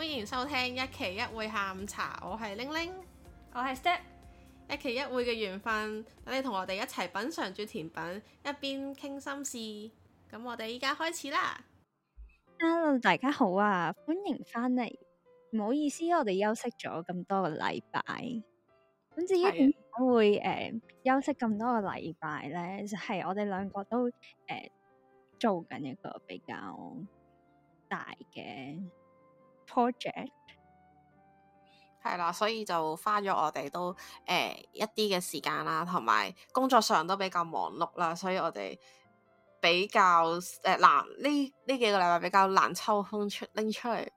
歡迎收聽一期一會下午茶，我係玲玲，我係 Step，一期一會嘅緣分，等你同我哋一齊品嘗住甜品，一邊傾心事。咁我哋依家開始啦。Hello，大家好啊，歡迎翻嚟。唔好意思，我哋休息咗咁多個禮拜。咁至於點解會誒的、呃、休息咁多個禮拜咧，就係、是、我哋兩個都誒、呃、做緊一個比較大嘅。project 係啦，所以就花咗我哋都誒、呃、一啲嘅時間啦，同埋工作上都比較忙碌啦，所以我哋比較誒難呢呢幾個禮拜比較難抽空出拎出嚟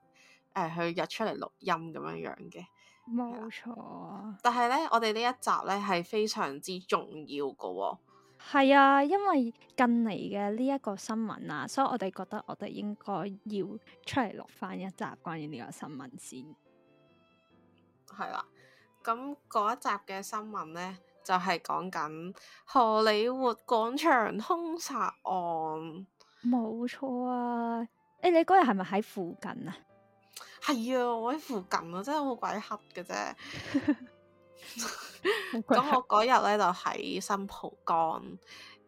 誒去約出嚟錄音咁樣樣嘅，冇錯。但係咧，我哋呢一集咧係非常之重要㗎、哦。係啊，因為近嚟嘅呢一個新聞啊，所以我哋覺得我哋應該要出嚟錄翻一集關於呢個新聞先。係啦、啊，咁嗰一集嘅新聞咧，就係講緊荷李活廣場凶殺案，冇錯啊！誒、欸，你嗰日係咪喺附近啊？係啊，我喺附近啊，真係好鬼黑嘅啫。 咁 我嗰日咧就喺新蒲崗，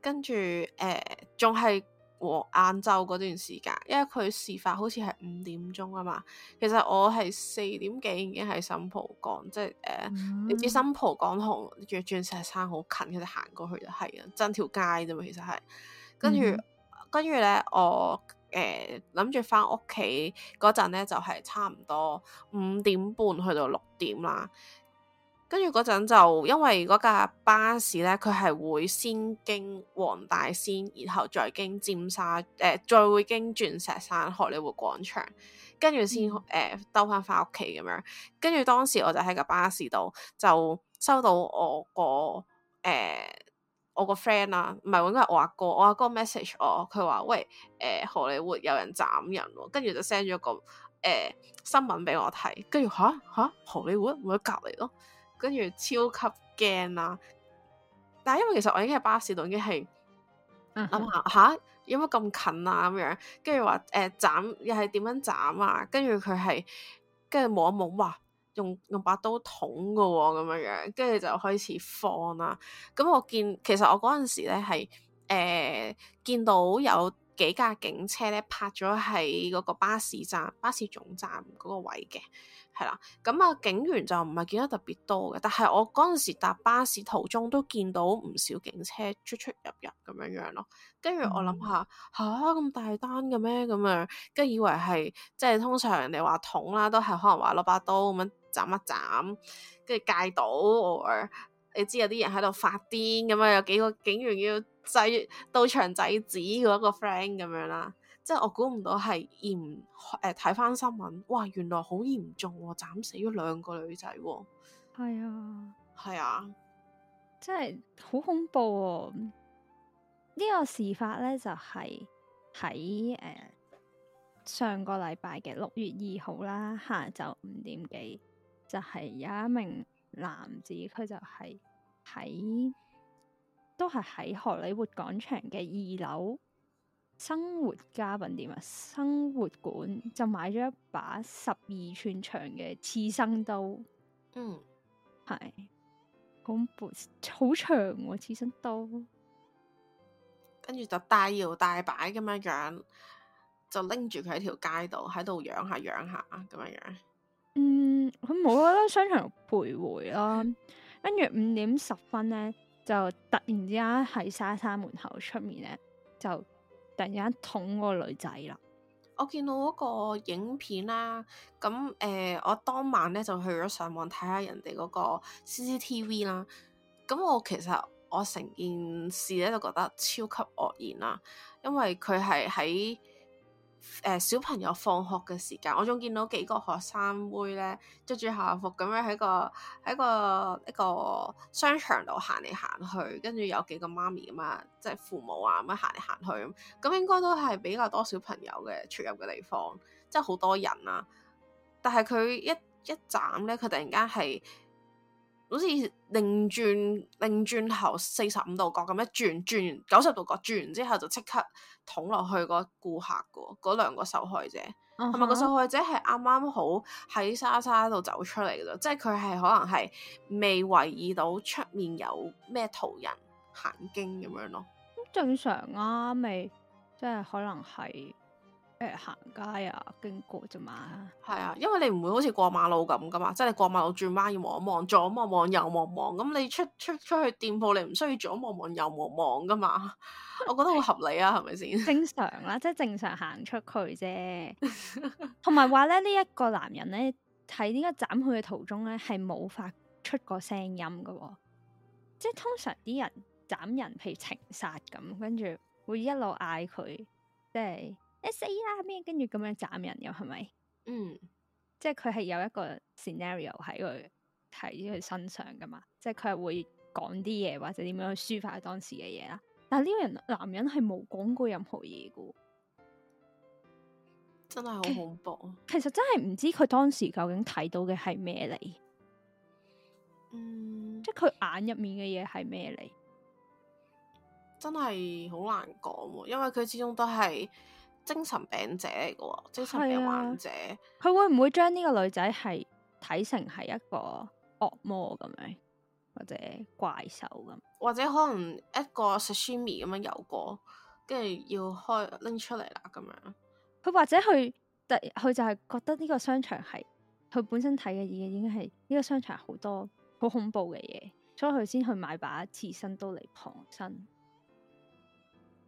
跟住誒，仲係和晏晝嗰段時間，因為佢事發好似係五點鐘啊嘛。其實我係四點幾已經喺新蒲崗，即係誒，呃嗯、你知新蒲崗同鑽石山好近，佢哋行過去就係啊，真條街啫嘛。其實係跟住、嗯、哼跟住咧，我誒諗住翻屋企嗰陣咧，就係、是、差唔多五點半去到六點啦。跟住嗰陣就因為嗰架巴士咧，佢係會先經黃大仙，然後再經尖沙，誒、呃、再會經鑽石山荷李活廣場，跟住先誒兜翻翻屋企咁樣。跟住當時我就喺架巴士度，就收到我個誒、呃、我個 friend 啦，唔係，應該係我阿哥，我阿哥 message 我，佢話喂，誒、呃、荷李活有人斬人，哦，跟住就 send 咗個誒、呃、新聞俾我睇，跟住吓，嚇、啊啊、荷李活咪喺隔離咯！跟住超級驚呀！但係因為其實我已經喺巴士度，已經係諗下嚇有乜咁近啊咁樣。跟住話誒斬又係點樣斬啊？跟住佢係跟住望一望，哇！用用把刀捅嘅喎，咁樣樣。跟住就開始放啦、啊。咁我見其實我嗰陣時咧係誒見到有幾架警車咧，泊咗喺嗰個巴士站、巴士總站嗰個位嘅，係啦。咁啊，警員就唔係見得特別多嘅，但係我嗰陣時搭巴士途中都見到唔少警車出出入入咁樣樣咯。跟住我諗下嚇，咁、嗯啊、大單嘅咩咁樣？跟住以為係即係通常人哋話捅啦，都係可能話攞把刀咁樣斬一斬，跟住戒到我。啊。你知有啲人喺度發癲咁啊？有幾個警員要制到場制止嗰個 friend 咁樣啦、啊，即係我估唔到係嚴，誒，睇、呃、返新聞，哇，原來好嚴重、啊，斬死咗兩個女仔。係啊，係、哎、呦啊，即係好恐怖哦、啊！呢、這個事發咧就係喺誒上個禮拜嘅六月二號啦，下晝五點幾就係、是、有一名男子佢就係喺都係喺荷里活廣場嘅二樓生活家品店啊，生活館就買咗一把十二寸長嘅刺身刀。嗯，係恐怖好長喎、啊，刺身刀。跟住就大搖大擺咁樣樣，就拎住佢喺條街度，喺度養下養下咁樣樣。佢冇啦，商場徘徊啦、啊。跟住五點十分咧，就突然之間喺莎莎門口出面咧，就突然間捅嗰個女仔啦。我見到嗰個影片啦，咁誒、呃，我當晚咧就去咗上網睇下人哋嗰個 CCTV 啦。咁我其實我成件事咧就覺得超級愕然啦，因為佢係喺。誒、呃、小朋友放學嘅時間，我仲見到幾個學生妹咧，着住校服咁樣喺個喺個一個商場度行嚟行去，跟住有幾個媽咪咁啊，即係父母啊咁樣行嚟行去，咁應該都係比較多小朋友嘅出入嘅地方，即係好多人啊。但係佢一一斬咧，佢突然間係。好似擰轉擰轉頭四十五度角咁一轉，轉完九十度角，轉完之後就即刻捅落去個顧客個嗰兩個受害者，同埋個受害者係啱啱好喺沙沙度走出嚟嘅啫，即係佢係可能係未懷疑到出面有咩途人行經咁樣咯，咁正常啊，未，即係可能係。誒行、欸、街啊，經過啫嘛。係啊、嗯，因為你唔會好似過馬路咁噶嘛，即係你過馬路轉彎要望一望左望望右望望，咁你出出出去店鋪，你唔需要左望望右望望噶嘛。我覺得好合理啊，係咪先？ 正常啦，即、就、係、是、正常行出去啫。同埋話咧，呢、這、一個男人咧，喺呢個斬佢嘅途中咧係冇發出個聲音嘅、啊？即、就、係、是、通常啲人斬人譬如情殺咁，跟住會一路嗌佢，即係。你死啦！咩跟住咁樣斬人又係咪？是是嗯，即係佢係有一個 scenario 喺佢喺佢身上噶嘛，即係佢係會講啲嘢或者點樣去抒發當時嘅嘢啦。但係呢個人男人係冇講過任何嘢噶，真係好恐怖啊！其實真係唔知佢當時究竟睇到嘅係咩嚟，嗯，即係佢眼入面嘅嘢係咩嚟，真係好難講喎，因為佢始終都係。精神病者嚟嘅，精神病患者，佢、啊、會唔會將呢個女仔係睇成係一個惡魔咁樣，或者怪獸咁，或者可能一個 sashimi 咁樣游過，跟住要開拎出嚟啦咁樣，佢或者佢特佢就係覺得呢個商場係佢本身睇嘅嘢，應該係呢個商場好多好恐怖嘅嘢，所以佢先去買把刺身刀嚟旁身，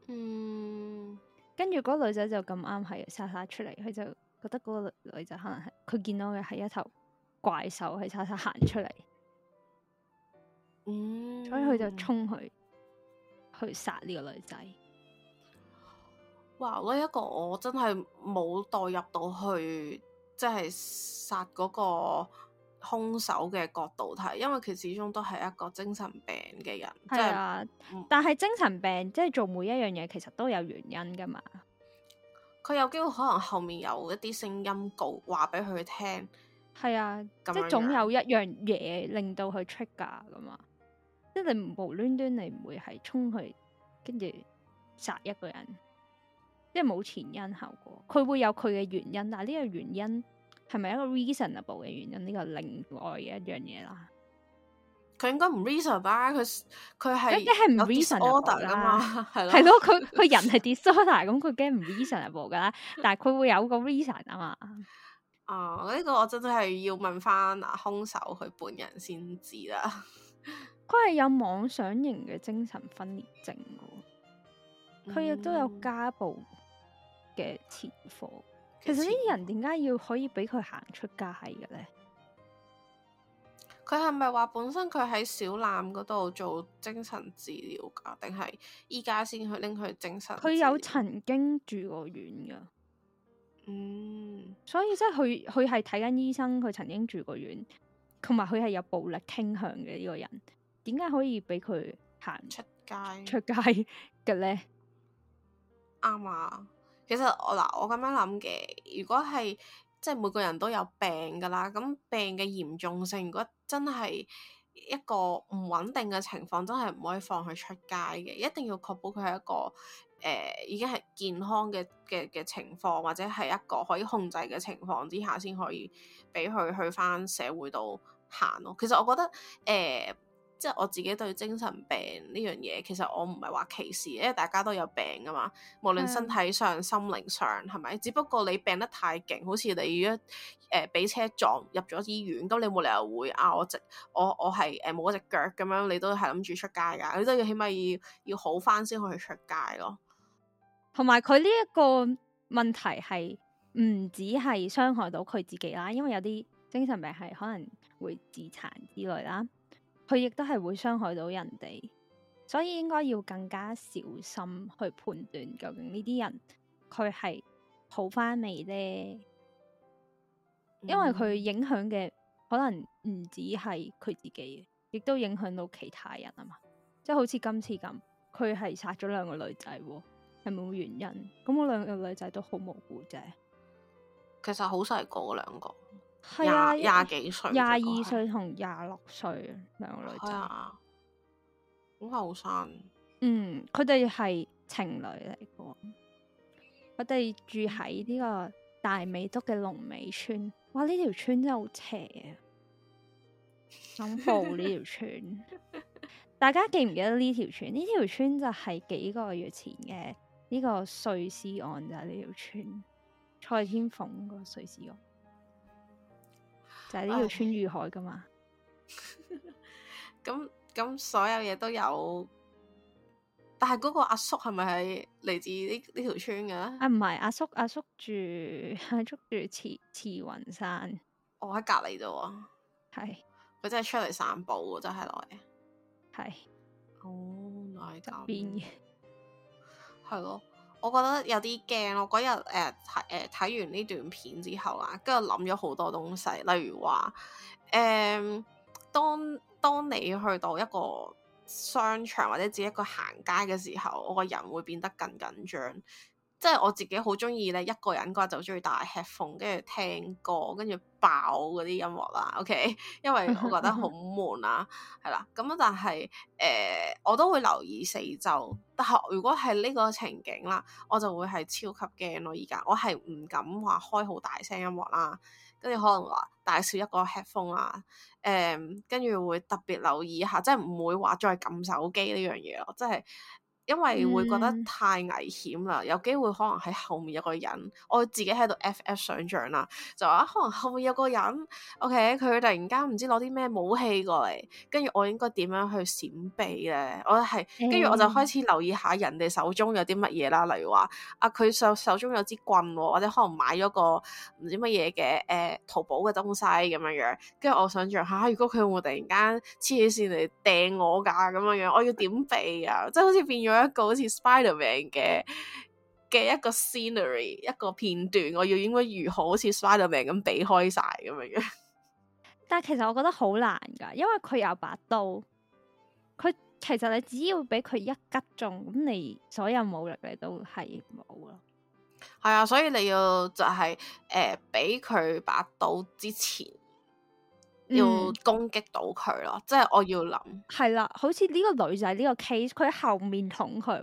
嗯。跟住嗰個女女仔就咁啱係叉叉出嚟，佢就覺得嗰個女仔可能係佢見到嘅，係一頭怪獸係叉叉行出嚟，嗯，所以佢就衝、嗯、去去殺呢個女仔。哇！我一個我真係冇代入到去，即係殺嗰個。兇手嘅角度睇，因為佢始終都係一個精神病嘅人。係啊，即係、但係精神病即係做每一樣嘢，其實都有原因噶嘛。佢有機會可能後面有一啲聲音告話俾佢聽，係啊，咁樣即係總有一樣嘢令到佢出噶嘛。即係你無端端你唔會係衝去跟住殺一個人，即係冇前因後果。佢會有佢嘅原因，但係呢個原因。係咪一個 reasonable 嘅原因？呢個另外嘅一樣嘢啦，佢應該唔 reasonable，佢佢係佢係唔 reasonable 噶嘛？係咯佢佢人係 disorder 咁，佢梗唔 reasonable 噶啦。 但係佢會有個 reason 啊嘛。哦、啊、呢、這個我真係要問翻啊凶手佢本人先知啦。佢 係有妄想型嘅精神分裂症噶佢亦都有家暴嘅前科。其實呢啲人點解要可以畀佢行出街嘅咧？佢係咪話本身佢喺小欖嗰度做精神治療噶定係依家先去拎佢精神？佢有曾經住過院噶嗯，所以即係佢佢係睇緊醫生，佢曾經住過院，同埋佢係有暴力傾向嘅呢個人，點解可以畀佢行出街出街嘅咧？啱啊！其實我嗱，我咁樣諗嘅。如果係即係每個人都有病㗎喇，咁病嘅嚴重性，如果真係一個唔穩定嘅情況，真係唔可以放佢出街嘅，一定要確保佢係一個誒、呃、已經係健康嘅嘅嘅情況，或者係一個可以控制嘅情況之下，先可以俾佢去返社會度行咯。其實我覺得誒。呃即係我自己對精神病呢樣嘢，其實我唔係話歧視，因為大家都有病噶嘛，無論身體上、嗯、心靈上，係咪？只不過你病得太勁，好似你一誒俾車撞入咗醫院，咁你冇理由會啊！我直，我我係誒冇咗隻腳咁樣，你都係諗住出街噶，你都要起碼要要好翻先可以出街咯。同埋佢呢一個問題係唔止係傷害到佢自己啦，因為有啲精神病係可能會自殘之類啦。佢亦都係會傷害到人哋，所以應該要更加小心去判斷究竟呢啲人佢係好返未呢？嗯、因為佢影響嘅可能唔止係佢自己，亦都影響到其他人啊嘛！即係、就是、好似今次咁，佢係殺咗兩個女仔喎，係冇原因。咁我兩個女仔都好無辜啫，其實好細個兩個。係啊，廿幾歲，廿二歲同廿六歲兩個女仔，好後生。嗯，佢哋係情侶嚟嘅。 我哋住喺呢個大美督嘅龍尾村。哇，呢條村真係好邪啊！恐怖呢條村， 大家記唔記得呢條村？呢條村就係幾個月前嘅呢個碎屍案就係呢條村，蔡天鳳個碎屍案。就係呢條村與海噶嘛，咁咁、 嗯嗯嗯、所有嘢都有，但係嗰個阿叔係咪係嚟自條呢呢條村嘅？啊，唔係，阿叔阿叔住喺住慈慈雲山，我喺、哦、隔籬啫，係佢是真係出嚟散步，真係來，係是哦，原來係隔邊嘅，係邊 咯。我覺得有啲驚。我嗰日誒誒睇完呢段片之後啊，跟住諗咗好多東西，例如話誒、呃，當當你去到一個商場或者自己一個行街嘅時候，我個人會變得更緊張。即係我自己好中意咧，一個人嘅話就中意大 headphone，跟住聽歌，跟住爆嗰啲音樂啦。OK，因為我覺得好悶啦、啊，係啦。 咁但係誒、呃、我都會留意四周。但係如果係呢個情景啦，我就會係超級驚咯。而家我係唔敢話開好大聲音樂啦，跟住可能話大笑一個 headphone 啊。誒、嗯，跟住會特別留意一下，即係唔會話再撳手機呢樣嘢咯。即係。因為會覺得太危險啦，有機會可能喺後面有個人，我自己喺度 FF 想象啦，就話、啊、可能後面有個人，OK 佢突然間唔知攞啲咩武器過嚟，跟住我應該點樣去閃避咧？我係，跟住我就開始留意下人哋手中有啲乜嘢啦，例如話啊，佢手手中有支棍，或者可能買咗個唔知乜嘢嘅誒淘寶嘅東西咁樣樣，跟住我想象下、啊，如果佢會突然間黐起線嚟掟我㗎咁樣樣，我要點避啊？即係 好似變咗～一個好似 Spider-Man 嘅嘅一個 scenery，一個片段，我要應該如何好似 Spider-Man 咁避開晒咁樣嘅？但係其實我覺得好難噶，因為佢有把刀，佢其實你只要俾佢一擊中，咁你所有武力你都係冇咯。係啊、嗯嗯，所以你要就係誒俾佢把刀之前。要攻擊到佢咯，嗯、即係我要諗。係啦，好似呢個女仔呢、呢個 case，佢喺後面捅佢，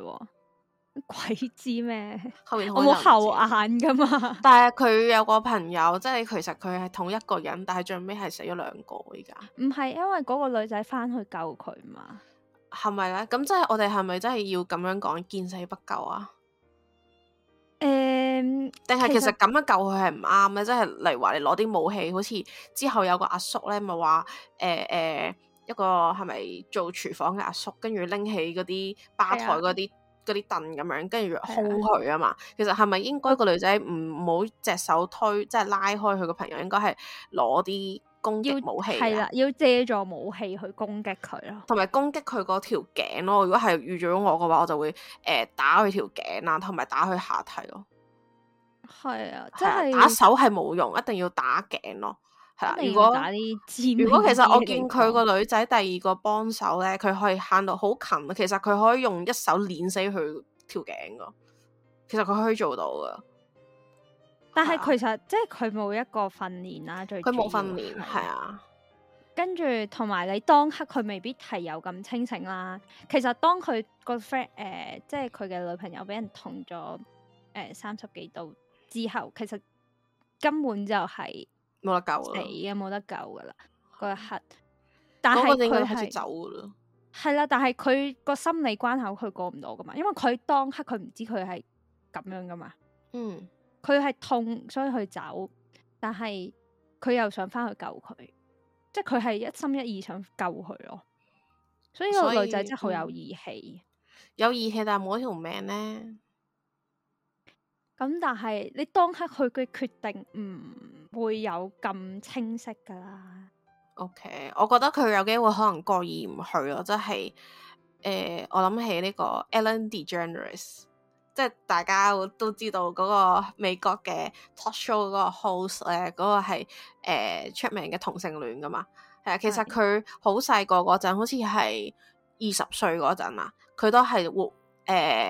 鬼知咩？後面我冇後眼噶嘛。但係佢有個朋友，即係其實佢係捅一個人，但係最尾係死咗兩個而家。唔係因為嗰個女仔翻去救佢嘛？係咪咧？咁即係我哋係咪真係要咁樣講見死不救啊？定係其實咁樣救佢係唔啱嘅，即係例如話你攞啲武器，好似之後有個阿叔咧，咪話誒誒一個係咪做廚房嘅阿叔，跟住拎起嗰啲吧台嗰啲嗰啲凳咁樣，跟住轟佢啊嘛。的其實係咪應該個女仔唔好只手推，即係拉開佢個朋友，應該係攞啲攻擊武器係啦，要借助武器去攻擊佢咯，同埋攻擊佢嗰條頸咯。如果係遇咗我嘅話，我就會誒打佢條頸啦，同埋打佢下體咯。係啊，即、就、係、是、打手係冇用，一定要打頸咯。係啊，你如果打啲箭。如果其實我見佢個女仔第二個幫手咧，佢可以慳到好近，其實佢可以用一手碾死佢條頸噶。其實佢可以做到噶。啊、但係其實即係佢冇一個訓練啦，最佢冇訓練係啊。啊跟住同埋你當刻佢未必係有咁清醒啦。其實當佢個 friend 誒，即係佢嘅女朋友俾人捅咗、呃、三十幾度。之後其實根本就係冇得救死啊，冇得救噶啦嗰一刻。但係佢係走噶咯，係啦。但係佢個心理關口佢過唔到噶嘛，因為佢當刻佢唔知佢係咁樣噶嘛。嗯，佢係痛，所以佢走。但係佢又想翻去救佢，即係佢係一心一意想救佢咯。所以個女仔真係好有義氣，嗯，有義氣，但係冇咗條命咧。咁但係你當刻佢嘅決定唔會有咁清晰噶啦。O、okay, K，我覺得佢有機會可能過意唔去咯，呃、es, 即係誒我諗起呢個 Ellen DeGeneres 即係大家都知道嗰個美國嘅 talk show 嗰個 host 咧，嗰、那個係、呃、出名嘅同性戀噶嘛。係、呃、啊，其實佢的好細個嗰陣，好似係二十歲嗰陣啊，佢都係活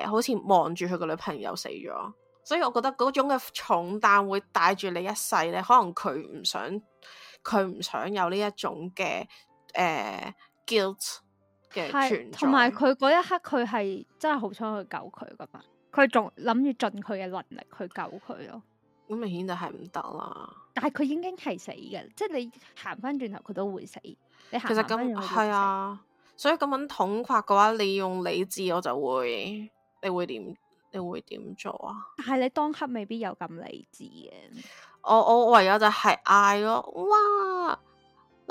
好似望住佢個女朋友死咗。所以，我覺得嗰種嘅重擔會帶住你一世咧。可能佢唔想，佢唔想有呢一種嘅誒 guilt 嘅存在。同埋佢嗰一刻，佢係真係好想去救佢㗎嘛。佢仲諗住盡佢嘅能力去救佢咯。咁明顯就係唔得啦。但係佢已經係死嘅，即係你行返轉頭佢都會死。你行其實咁係啊，所以咁樣總括嘅話，你用理智我就會，你會點？你會點做啊？但係你當刻未必有咁理智嘅。我我唯有就係嗌咯，哇！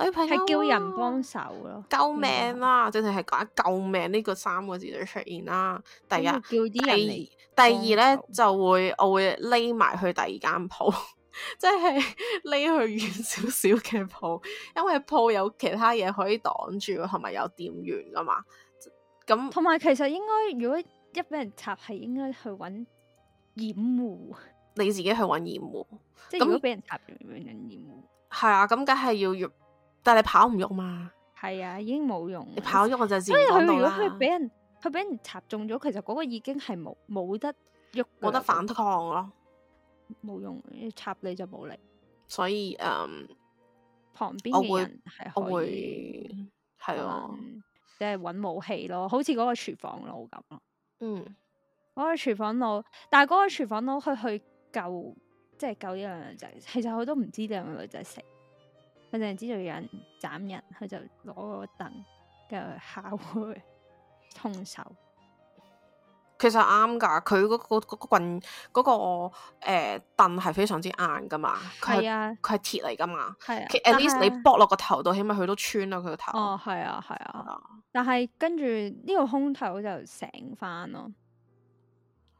女朋友係、啊、叫人幫手咯，救命啦、啊！嗯、正正係講救命呢個三個字就出現啦。第一，叫啲人，第二，嗯、第二咧就會我會匿埋去第二間鋪，即係匿去遠少少嘅鋪，因為鋪有其他嘢可以擋住，同埋有，有店員噶嘛。咁同埋其實應該如果。一俾人插，係應該去搵掩護。你自己去搵掩護，即係是、嗯、如果俾人插，就搵人掩護。係啊，咁梗係要喐，但係你跑唔喐嘛？係啊，已經冇用。你跑喐，我就自動滾動啦。所以佢如果佢俾人佢俾人，人插中咗，其實嗰個已經係冇冇得喐，冇得反抗咯、啊，冇用。插你就冇力，所以誒，um, 旁邊嘅人係會係咯，即係搵武器咯，好似嗰個廚房佬咁咯。嗯，嗰個廚房佬，但係嗰個廚房佬佢去救，即係救呢兩個仔，其實佢都唔知兩個女仔死，佢淨係知道有人斬人，佢就攞個凳跟住落去衝兇手。其實啱噶，佢嗰棍嗰個凳係、嗰個嗰個呃、非常之硬噶嘛，佢係啊，佢係鐵嚟噶嘛，at least、啊、你駁落個頭度，是起碼佢都穿啦佢個頭。哦，係啊，係啊。嗯、但係跟住呢個空頭就醒翻咯。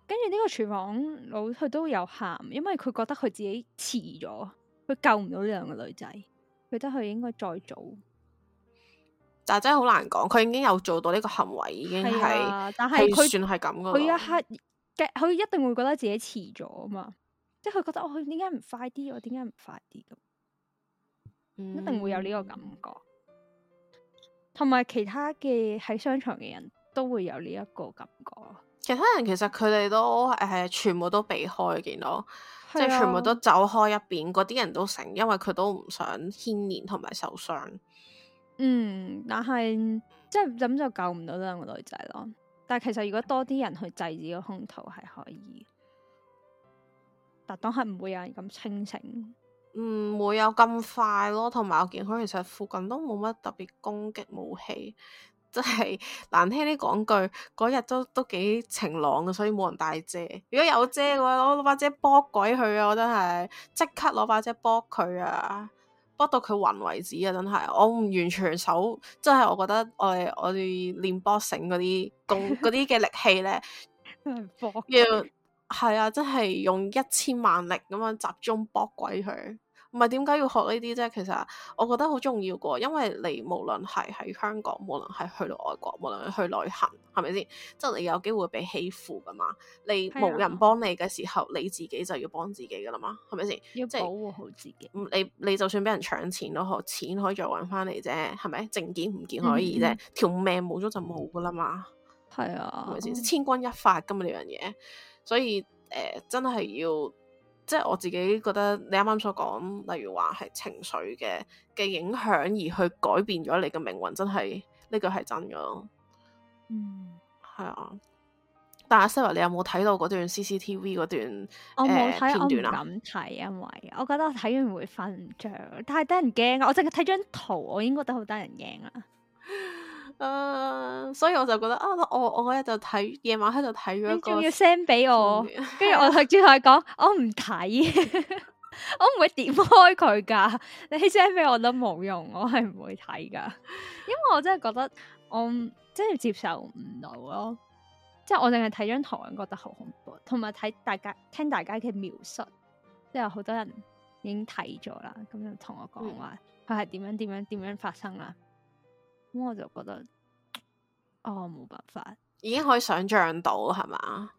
跟住呢個廚房佬佢都有喊，因為佢覺得佢自己遲咗，佢救唔到呢兩個女仔，佢覺得佢應該再早。但真係好難講，佢已經有做到呢個行為，已經係但係佢、啊、算係咁噶咯。佢一刻佢一定會覺得自己遲咗啊嘛！即係佢覺得，哦，佢點解唔快啲？我點解唔快啲咁？嗯、一定會有呢個感覺，同埋其他嘅喺商場嘅人都會有呢一個感覺。其他人其實佢哋都誒、呃，全部都避開見到，即係、啊、全部都走開一邊。嗰啲人都成，因為佢都唔想牽連同埋受傷。嗯，但係即係咁就救唔到兩個女仔咯。但係其實如果多啲人去制止個凶徒係可以，但當係唔會有人咁清醒。唔會、嗯、有咁快咯，同埋我見佢其實附近都冇乜特別攻擊武器，即係難聽啲講句，嗰日都都幾晴朗嘅，所以冇人帶遮。如果有遮嘅話，攞把遮波鬼佢啊！我真係即刻攞把遮波佢啊！搏到佢暈為止啊！真係，我唔完全手，即係我覺得我哋我哋練搏醒嗰啲功啲嘅力氣咧， 要係啊，即係用一千萬力咁樣集中搏鬼佢。唔係點解要學呢啲啫？其實我覺得好重要噶因為你無論係喺香港，無論係去到外國，無論去旅行，係咪先？即係你有機會被欺負噶嘛？你冇人幫你嘅時候，的你自己就要幫自己噶啦嘛？係咪先？要保護好自己。你你就算俾人搶錢都好，錢可以再搵翻嚟啫，係咪？證件唔見可以啫，條、嗯、哼命冇咗就冇噶啦嘛。係啊的，係咪先？即千鈞一髮咁嘛，呢樣嘢，所以誒、呃，真係要。即係我自己覺得，你啱啱所講，例如話係情緒嘅嘅影響，而去改變咗你嘅命運，真係呢句係真噶咯。嗯，係啊。但係 Sir，你有冇睇到嗰段 CCTV 嗰段誒、我冇睇、呃、片段啊？唔敢睇，因為我覺得睇完會瞓唔着，太得人驚。我淨係睇張圖，我已經覺得好得人驚啦。 誒，uh, 所以我就覺得啊，我我咧就睇夜晚喺度睇咗仲要 send 俾我，跟住 我係直接同佢講，我唔睇， 我唔會點開佢㗎，你 send 俾我都冇用，我係唔會睇㗎， 因為我真係覺得我真係接受唔到咯，即、就、係、是、我淨係睇張圖覺得好恐怖，同埋睇大家聽大家嘅描述，即係好多人已經睇咗啦，咁就同我講話佢係點樣點樣點樣發生啦。咁我就覺得，我、哦、冇辦法，已經可以想象到係嘛？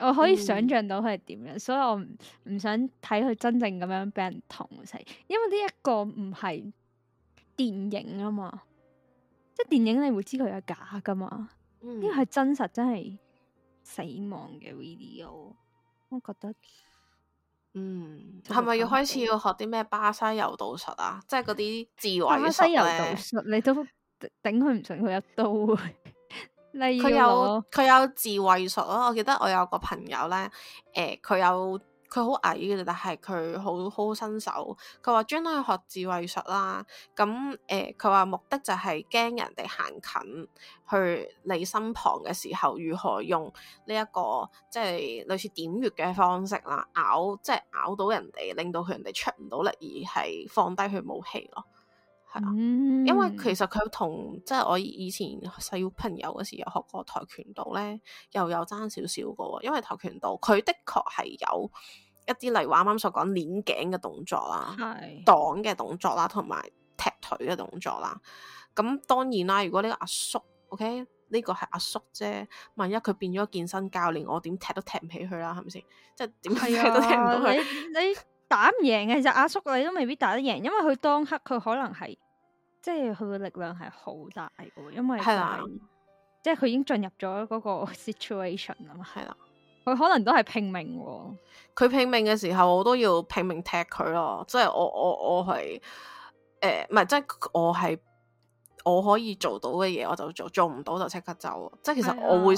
我可以想象到佢係點樣，嗯、所以我唔唔想睇佢真正咁樣俾人捅死，因為呢一個唔係電影啊嘛，即係電影你會知佢係假噶嘛，呢個係真實真係死亡嘅 video。我覺得，嗯，係咪要開始要學啲咩巴西柔道術啊？即係嗰啲自衛術咧？巴西柔道術你都。頂佢唔順，佢一刀，例如佢有佢有自衛術咯。我記得我有個朋友咧，誒、呃，佢有佢好矮嘅，但係佢好好身手。佢話專登去學自衛術啦。咁、嗯、誒，佢、呃、話目的就係驚人哋行近去你身旁嘅時候，如何用呢、這、一個即係、就是、類似點穴嘅方式啦，咬即係、就是、咬到人哋，令到佢人哋出唔到力，而係放低佢武器咯。係啊，嗯、因為其實佢同即係我以前小朋友嗰時有學過跆拳道咧，又有爭少少噶喎。因為跆拳道佢的確係有一啲，例如啱啱所講擰頸嘅動作啦，擋嘅是動作啦，同埋踢腿嘅動作啦。咁、嗯、當然啦，如果呢個阿叔，OK，呢個係阿叔啫，萬一佢變咗健身教練，我點踢都踢唔起佢啦，係咪先？即係點踢都踢唔到佢。打唔贏嘅，其實阿叔你都未必打得贏，因為佢當刻佢可能係，即係佢嘅力量係好大嘅，因為的即係佢已經進入咗嗰個 situation 啊嘛，係啦的，佢可能都係拼命，佢拼命嘅時候，我都要拼命踢佢咯，即係我我我係，誒、呃，唔係，即係我係我可以做到嘅嘢，我就做，做唔到就即刻走，即係其實的我會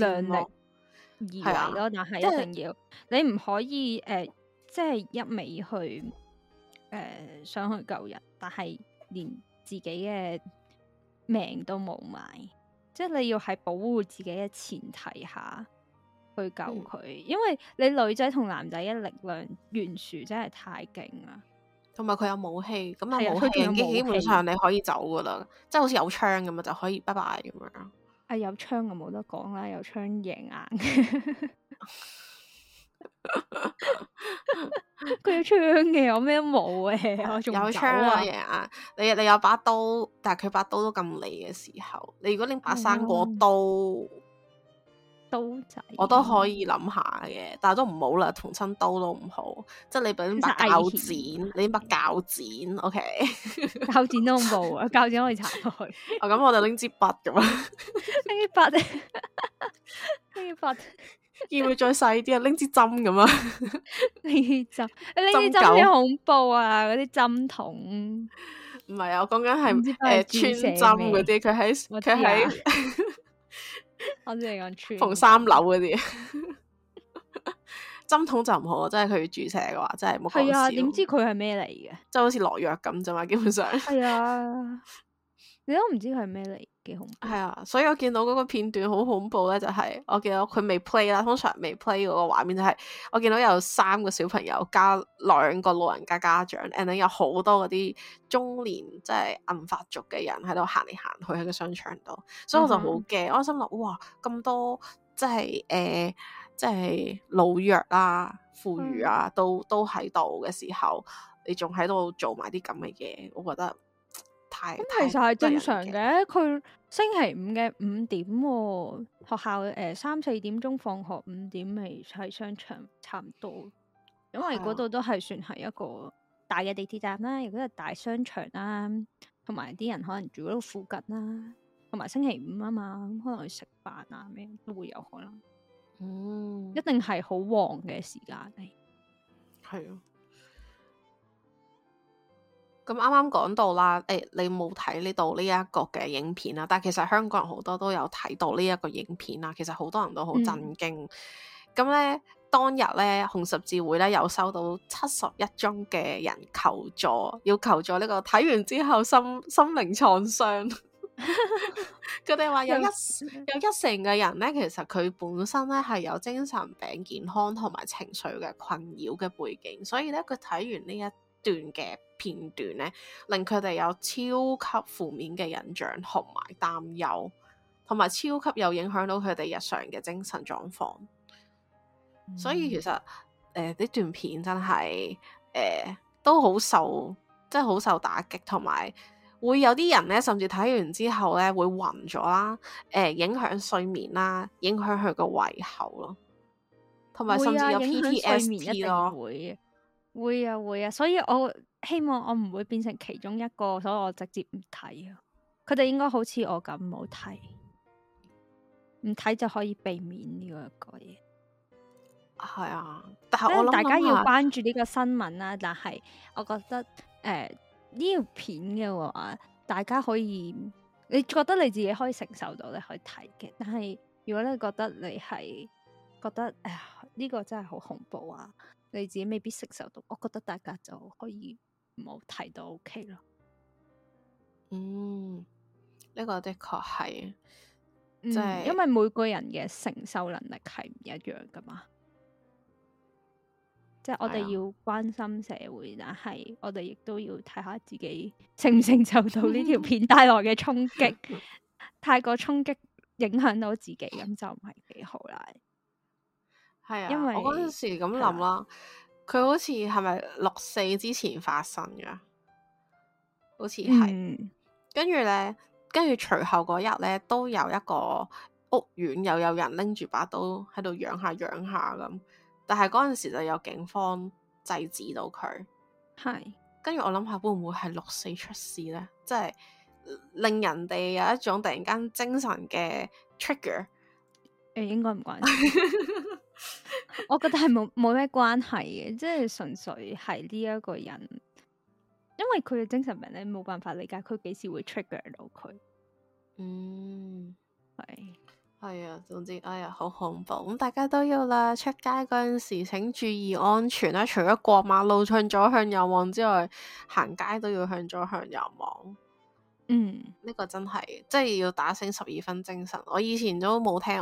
量力而為咯，的但係一定要，是你唔可以誒。呃即係一味去誒、呃、想去救人，但係連自己嘅命都冇埋，即係你要喺保護自己嘅前提下去救佢，嗯、因為你女仔同男仔嘅力量懸殊真係太勁啦，同埋佢有武器，咁啊武器，啊有武器基本上你可以走噶啦，嗯、即係好似有槍咁啊就可以拜拜 e b 咁樣。啊有槍就冇得講啦，有槍贏硬。 佢 有槍嘅，我咩都冇嘅，我仲有槍啊！槍啊，你你有把刀，但係佢把刀都咁利嘅時候，你如果拎把生果刀，刀仔，嗯，我都可以諗下嘅，但係都唔好啦，同親刀都唔好，即、就、係、是、你，你把鉸剪，剪，剪，你把鉸剪，OK，鉸剪都恐怖啊，鉸剪可以插落去。咁、 哦嗯，我就拎支筆咁。嘛 A 8笑，拎支筆，拎支筆。 要唔要再細啲啊？拎支針咁啊？拎針，拎支針有恐怖啊！嗰啲針筒唔係啊，我講緊係誒穿針嗰啲，佢喺佢喺我知你講穿縫三樓嗰啲針筒就唔好，即係佢注射嘅話，真係冇係啊？點知佢係咩嚟嘅？即係好似落藥咁啫嘛，基本上係 啊。你都唔知佢係咩嚟，幾恐怖。係啊，所以我見到嗰個片段好恐怖咧，就係、是、我見到佢未 play 啦，通常未 play 嗰個畫面就係我見到有三個小朋友加兩個老人家家長，and、mm hmm. 有好多嗰啲中年即係、就是、銀髮族嘅人喺度行嚟行去喺個商場度，所以我就好驚，我心諗哇咁多即係誒即係老弱啦、啊、婦孺啊，mm hmm. 都都喺度嘅時候，你仲喺度做埋啲咁嘅嘢，我覺得。咁太其實係正常嘅，佢星期五嘅五點喎、哦，學校誒三四點鐘放學，五點咪喺商場差唔多，因為嗰度都係算係一個大嘅地鐵站啦，如果係大商場啦、啊，同埋啲人可能住喺度附近啦、啊，同埋星期五啊嘛，咁可能去食飯啊咩都會有可能，嗯，一定係好旺嘅時間嚟，係、哎、啊。咁啱啱講到啦，誒、哎，你冇睇呢度呢一個嘅影片啊，但係其實香港人好多都有睇到呢一個影片啊，其實好多人都好震驚。咁咧、嗯，當日咧，紅十字會咧有收到七十一宗嘅人求助，要求助呢、呢個睇完之後心心靈創傷。佢哋話有一 有一成嘅人咧，其實佢本身咧係有精神病健康同埋情緒嘅困擾嘅背景，所以咧佢睇完呢一段嘅片段咧，令佢哋有超級負面嘅印象，同埋擔憂，同埋超級有影響到佢哋日常嘅精神狀況。嗯、所以其實誒呢、呃、段片真係誒、呃、都好受，即係好受打擊，同埋會有啲人咧，甚至睇完之後咧會暈咗啦，誒、呃、影響睡眠啦，影響佢個胃口咯，同埋甚至有 PTSD 咯、啊。會啊會啊，所以我希望我唔會變成其中一個，所以我直接唔睇啊。佢哋應該好似我咁冇睇，唔睇就可以避免呢個一個嘢。係啊，想想大家要關注呢個新聞啦。但係我覺得，誒呢條片嘅話，大家可以，你覺得你自己可以承受到，你可以睇嘅。但係如果你覺得你係覺得誒呢、呃這個真係好恐怖啊！你自己未必承受到，我覺得大家就可以唔好提到 O K 咯。嗯，呢、這個的確係，即、就、係、是嗯、因為每個人嘅承受能力係唔一樣㗎嘛。即係我哋要關心社會，但係、哎、呀我哋亦都要睇下自己承唔承受到呢條片帶來嘅衝擊， 太過衝擊影響到自己咁就唔係幾好啦。係啊，因為我嗰陣時咁諗啦，佢、啊、好似係咪六四之前發生嘅？好似係，跟住咧，跟住隨後嗰日咧，都有一個屋苑又有人拎住把刀喺度養下養下咁，但係嗰陣時就有警方制止到佢。係是，跟住我諗下會唔會係六四出事咧？即、就、係、是，令人哋有一種突然間精神嘅 trigger。誒，應該唔關。 我覺得係冇冇咩關係嘅，即係純粹係呢一個人，因為佢嘅精神病咧冇辦法理解佢幾時會 trigger 到佢。嗯，係係啊，總之哎呀好恐怖咁，大家都要啦，出街嗰陣時請注意安全啦。除咗過馬路向左向右望之外，行街都要向左向右望。嗯，呢個真係，即係要打醒十二分精神。我以前都冇聽，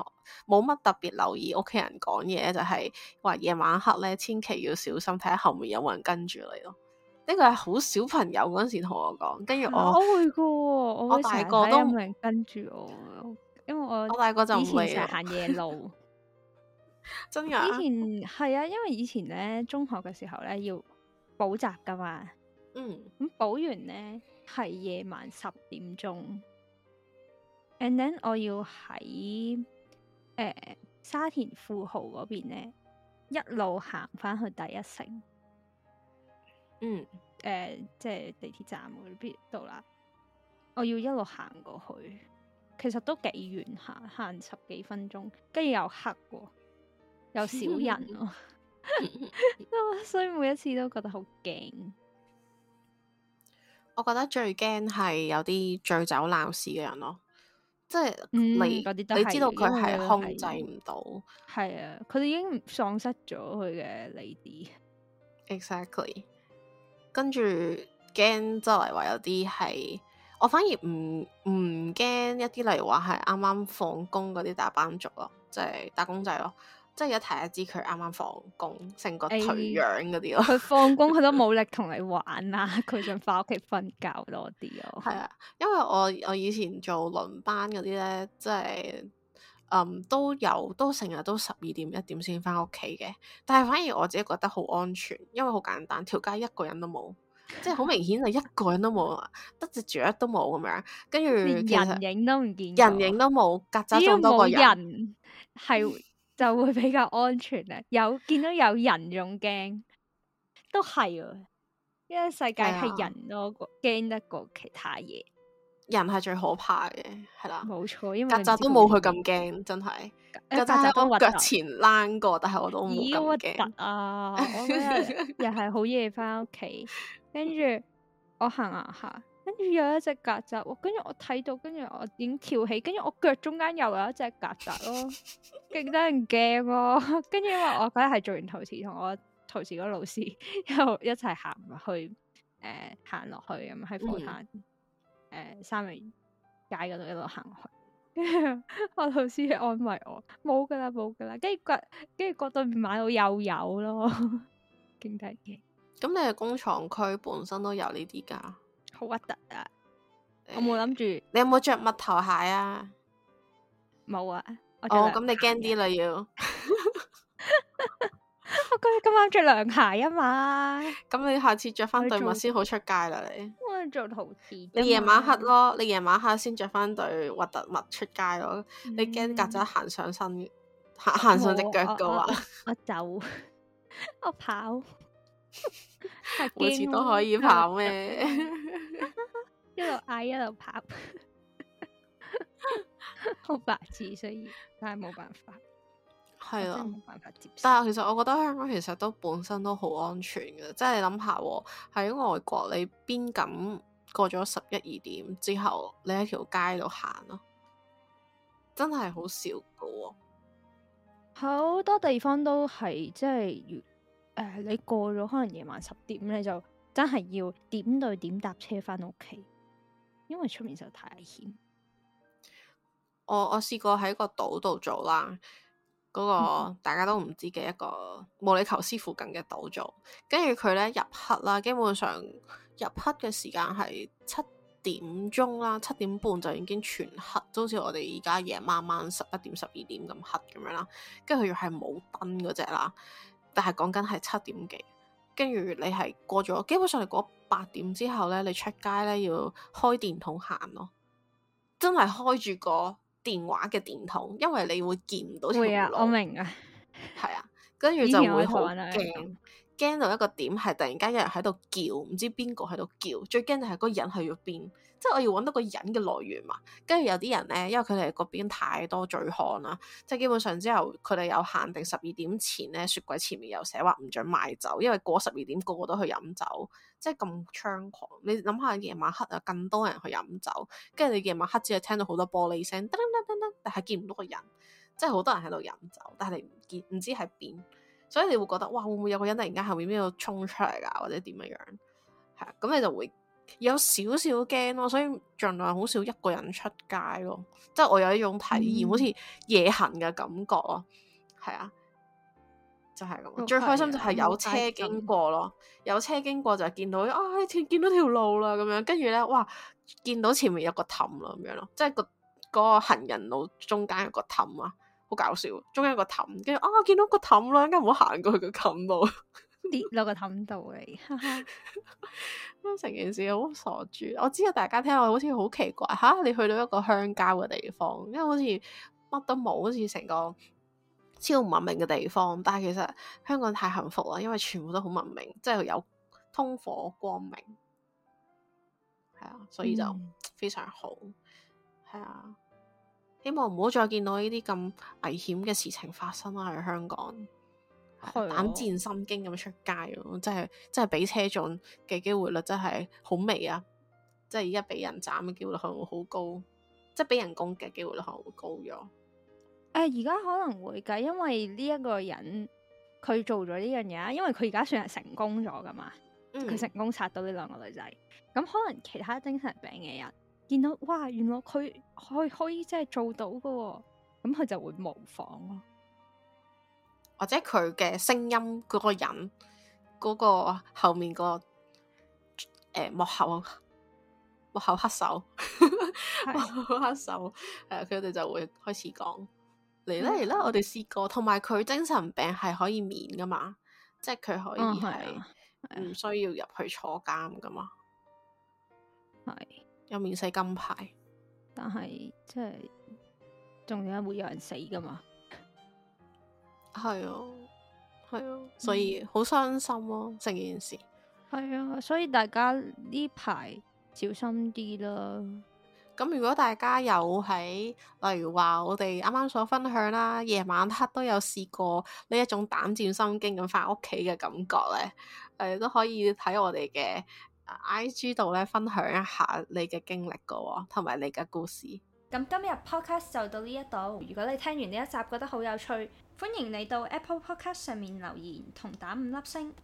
冇乜特別留意屋企人講嘢，就係話夜晚黑咧，千祈要小心，睇下後面有冇人跟住你咯。呢個係好小朋友嗰陣時同我講，跟住我，啊，我會噶，我，我大個都冇人跟住我，因為我我大個就唔會行夜路。 真噶？以前係啊，因為以前咧中學嘅時候咧要補習噶嘛，嗯，咁補完咧。係夜晚十點鐘，and then 我要喺誒、uh, 沙田富豪嗰邊呢一路行翻去第一城。嗯，誒、uh，即係地鐵站嗰邊度啦。我要一路行過去，其實都幾遠，行行十幾分鐘，跟住又黑，又少人，所以每一次都覺得好驚。我覺得最驚係有啲醉酒鬧事嘅人咯，即係、嗯、你啲你知道佢係控制唔到，係、嗯、啊，佢哋已經喪失咗佢嘅理智。Exactly，跟住驚周圍話有啲係，我反而唔唔驚一啲例如話係啱啱放工嗰啲上班族咯，即係打工仔咯。即係一睇一知，佢啱啱放工，成個頹樣嗰啲咯。佢放工，佢都冇力同你玩啦。佢 想翻屋企瞓覺多啲咯。係 啊，因為我我以前做輪班嗰啲咧，即係嗯都有都成日都十二點一點先翻屋企嘅。但係反而我自己覺得好安全，因為好簡單，條街一個人都冇，即係好明顯就一個人都冇，得隻雀都冇咁樣。跟住人影都唔見，人影都冇，曱甴仲多個人係。就會比較安全啦，有見到有人仲驚，都係，呢個世界係人多過驚的得過其他嘢，人係最可怕嘅，係啦，冇錯，曱甴都冇佢咁驚，真係，曱甴我腳前躝過，但係我都唔咁驚啊， 又係好夜翻屋企，跟住 我行行下。跟住有一隻曱甴，跟住我睇到，跟住我已經跳起，跟住我腳中間又有一隻曱甴咯，勁得人驚咯。跟住因為我覺得係做完陶瓷，同我陶瓷嗰老師又一齊行去誒，行落去咁喺火炭誒三味街嗰度一路行去。跟住我老師去安慰我冇噶啦，冇噶啦，跟住割跟住割到面買到又有咯，勁得人驚。咁、嗯、你嘅工廠區本身都有呢啲噶？核突啊！我冇諗住。你有冇着襪頭鞋啊？冇啊！哦，咁、oh, 你驚啲啦要。 我今日今晚着涼鞋啊嘛。咁你下次着翻對襪先好出街啦、啊、你我。我做陶瓷。你夜晚黑咯，你夜晚黑先着翻對核突襪出街咯。你驚曱甴行上身，行行上隻腳嘅、哎、desirable, 啊。我走。我跑。 每次都可以跑咩？ 一路嗌，一路跑，好 白痴，所以但係冇辦法，係咯的，冇辦法接，但係其實我覺得香港其實都本身都好安全嘅，即係諗下喺外國你邊咁過咗十一二點之後，你喺條街度行咯，真係好少㗎，好多地方都係即係。誒、呃，你過咗可能夜晚十點咧，你就真係要點對點搭車翻屋企，因為出面就太危險。我我試過喺個島度做啦，嗰、那個大家都唔知嘅一個毛里求斯附近嘅島做，跟住佢咧入黑啦，基本上入黑嘅時間係七點鐘啦，七點半就已經全黑，都好似我哋而家夜晚晚十一點十二點咁黑咁樣啦。跟住佢又係冇燈嗰隻啦。但係講緊係七點幾，跟住你係過咗，基本上你過八點之後咧，你出街咧要開電筒行咯，真係開住個電話嘅電筒，因為你會見唔到條路。會啊。我明啊，係啊，跟住就會好驚。驚到一個點係突然間有人喺度叫，唔知邊個喺度叫，最驚就係嗰個人去咗邊，即係我要揾到個人嘅來源嘛。跟住有啲人呢，因為佢哋嗰邊太多醉漢啦，即係基本上之後佢哋有限定十二點前呢，雪櫃前面又寫話唔准賣酒，因為過十二點過個個都去飲酒，即係咁猖狂。你諗下夜晚黑啊，咁多人去飲酒，跟住你夜晚黑只係聽到好多玻璃聲，噔噔噔，但係見唔到個人，即係好多人喺度飲酒，但係你唔見，唔知喺邊。所以你會覺得，哇，會唔會有個人突然間後面邊度衝出嚟噶，或者點樣樣？係啊，咁你就會有少少驚咯，所以盡量好少一個人出街咯。即係我有一種體驗，嗯、好似夜行嘅感覺咯，係啊，就係、是、咁。Okay, 最開心就係有車經過咯，有車經過就係見到啊，見到條路啦，咁樣，跟住咧，哇，見到前面有個氹啦，咁樣咯，樣即係個、嗰個行人路中間有個氹啊。好搞笑，中間有個氹，跟住啊見到個氹啦，應該唔好行過去個氹度跌落個氹度嚟，成 件事好傻豬。我知道大家聽落好似好奇怪，吓你去到一個鄉郊嘅地方，因為好似乜都冇，好似成個超唔文明嘅地方。但係其實香港太幸福啦，因為全部都好文明，即、就、係、是、有通火光明，係啊，所以就非常好，係、嗯、啊。希望唔好再見到呢啲咁危險嘅事情發生啦、啊！喺香港的、啊，膽戰心驚咁出街、啊，真係真係俾車撞嘅機會率真係好微啊！即係而家俾人斬嘅機會率，會機會率會、呃、可能會好高，即係俾人攻擊嘅機會率可能會高咗。誒，而家可能會㗎，因為呢一個人佢做咗呢樣嘢，因為佢而家算係成功咗㗎嘛，佢、嗯、成功殺到呢兩個女仔。咁可能其他精神病嘅人。見到哇，原來佢可以可以真係做到噶、哦，咁、嗯、佢就會模仿咯，或者佢嘅聲音，佢、嗰個人，嗰、嗰個後面、嗰個誒、呃、幕後幕後黑手，幕後黑手，誒佢哋就會開始講嚟啦嚟啦，來來來嗯、我哋試過，同埋佢精神病係可以免噶嘛，即係佢可以係唔需要入去坐監噶嘛，係是。有免死金牌，但係即係仲有會有人死噶嘛？係 啊，係啊，所以好傷心咯、啊，成、嗯、件事。係啊，所以大家呢排小心啲啦。咁如果大家有喺，例如話我哋啱啱所分享啦，夜晚黑都有試過呢一種膽戰心驚咁返屋企嘅感覺咧，誒、呃、都可以睇我哋嘅。i gIG 度咧，分享一下你嘅經歷噶，同埋你嘅故事。咁今日 Podcast 就到呢一度。如果你聽完呢一集覺得好有趣，歡迎你到 Apple Podcast 上面留言同打五粒星。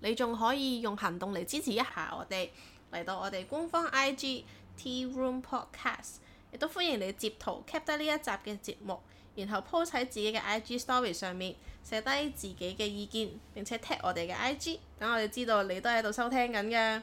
你仲可以用行動嚟，支持一下我哋嚟到我哋官方 IG Tea Room Podcast，亦都歡迎你截圖 keep 得呢一集嘅節目，然後 post 喺自己嘅 IG Story 上面寫低自己嘅意見，並且 tag 我哋嘅 IG，等我哋知道你都喺度收聽緊嘅。